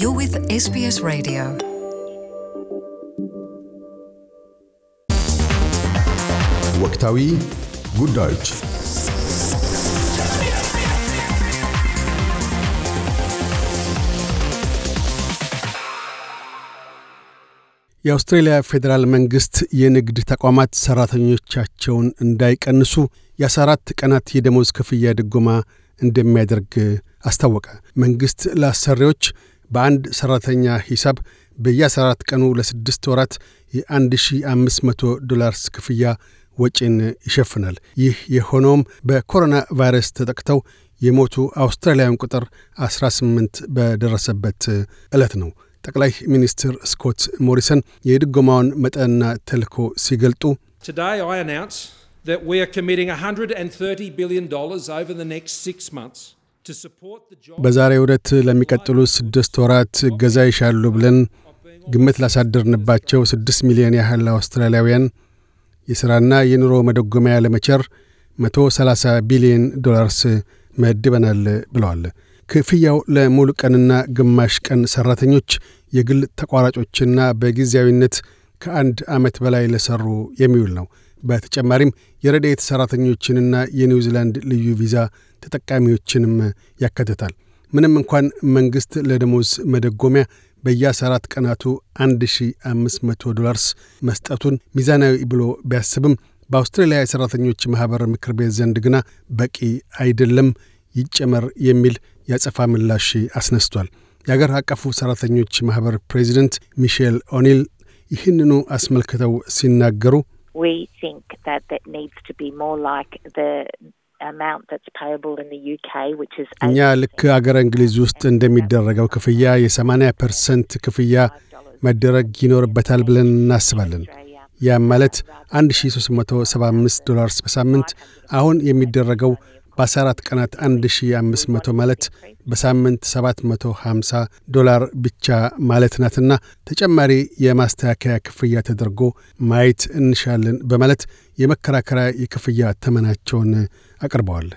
You're with SBS Radio. ወቅታዊ ጉዳዮች የአውስትሬልያ ፌዴራል መንግሥት የንግድ ተቋማት ሠራተኞቻቸውን እንዳይቀንሱ የ14 ቀናት የደሞዝ ክፍያ ድጎማ እንደሚያደርግ አስታወቀ። መንግሥት ለአሰሪዎች በአንድ ሠራተኛ ሂሳብ በየ14 ቀኑ ለስድስት ወራት የ1500 ዶላርስ ክፍያ ወጪን ይሸፍናል። ይህ የሆነውም በኮሮና ቫይረስ ተጠቅተው የሞቱ አውስትራሊያን ቁጥር 18 በደረሰበት ዕለት ነው። ጠቅላይ ሚኒስትር ስኮት ሞሪሰን የድጎማውን መጠንና ተልኮ ሲገልጡ Today I announce that we are committing በዛሬ ዕለት ለሚቀጥሉት ስድስት ወራት እገዛ ይሻሉ ብለን ግምት ላሳደርንባቸው ስድስት ሚሊዮን ያህል አውስትራሊያውያን የሥራና የኑሮ መደጎሚያ ለመቸር 130 ቢሊዮን ዶላርስ መድበናል ብለዋል። ክፍያው ለሙሉ ቀንና ግማሽ ቀን ሠራተኞች፣ የግል ተቋራጮችና በጊዜያዊነት ከአንድ ዓመት በላይ ለሠሩ የሚውል ነው። በተጨማሪም የረድኤት ሠራተኞችንና የኒውዚላንድ ልዩ ቪዛ ተጠቃሚዎችንም ያካትታል። ምንም እንኳን መንግሥት ለደሞዝ መደጎሚያ በየአስራት ቀናቱ 1500 ዶላርስ መስጠቱን ሚዛናዊ ብሎ ቢያስብም በአውስትራሊያ የሠራተኞች ማኅበር ምክር ቤት ዘንድ ግና በቂ አይደለም፣ ይጨመር የሚል ያጸፋ ምላሽ አስነስቷል። የአገር አቀፉ ሠራተኞች ማኅበር ፕሬዚደንት ሚሼል ኦኒል ይህንኑ አስመልክተው ሲናገሩ እኛ ልክ አገረ እንግሊዝ ውስጥ እንደሚደረገው ክፍያ የ80 ፐርሰንት ክፍያ መደረግ ይኖርበታል ብለን እናስባለን። ያም ማለት 1375 ዶላርስ በሳምንት አሁን የሚደረገው በ14 ቀናት 1500 ማለት በሳምንት 750 ዶላር ብቻ ማለት ናትና ተጨማሪ የማስተካከያ ክፍያ ተደርጎ ማየት እንሻለን በማለት የመከራከሪያ የክፍያ ተመናቸውን አቅርበዋል።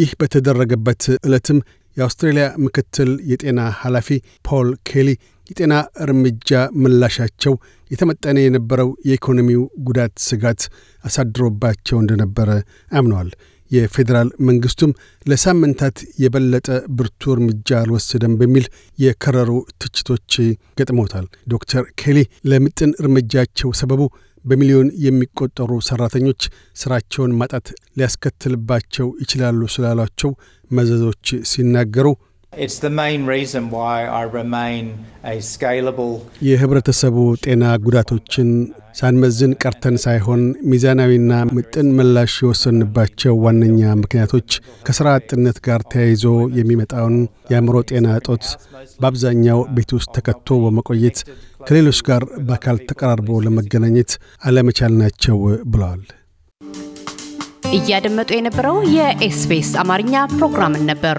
ይህ በተደረገበት ዕለትም የአውስትሬልያ ምክትል የጤና ኃላፊ ፖል ኬሊ የጤና እርምጃ ምላሻቸው የተመጠነ የነበረው የኢኮኖሚው ጉዳት ስጋት አሳድሮባቸው እንደነበረ አምነዋል። የፌዴራል መንግስቱም ለሳምንታት የበለጠ ብርቱ እርምጃ አልወሰደም በሚል የከረሩ ትችቶች ገጥመውታል። ዶክተር ኬሊ ለምጥን እርምጃቸው ሰበቡ በሚሊዮን የሚቆጠሩ ሰራተኞች ስራቸውን ማጣት ሊያስከትልባቸው ይችላሉ ስላሏቸው መዘዞች ሲናገሩ የህብረተሰቡ ጤና ጉዳቶችን ሳንመዝን ቀርተን ሳይሆን ሚዛናዊና ምጥን ምላሽ የወሰንባቸው ዋነኛ ምክንያቶች ከሥራ አጥነት ጋር ተያይዞ የሚመጣውን የአእምሮ ጤና እጦት በአብዛኛው ቤት ውስጥ ተከቶ በመቆየት ከሌሎች ጋር በአካል ተቀራርቦ ለመገናኘት አለመቻል ናቸው ብለዋል። እያደመጡ የነበረው የኤስፔስ አማርኛ ፕሮግራምን ነበር።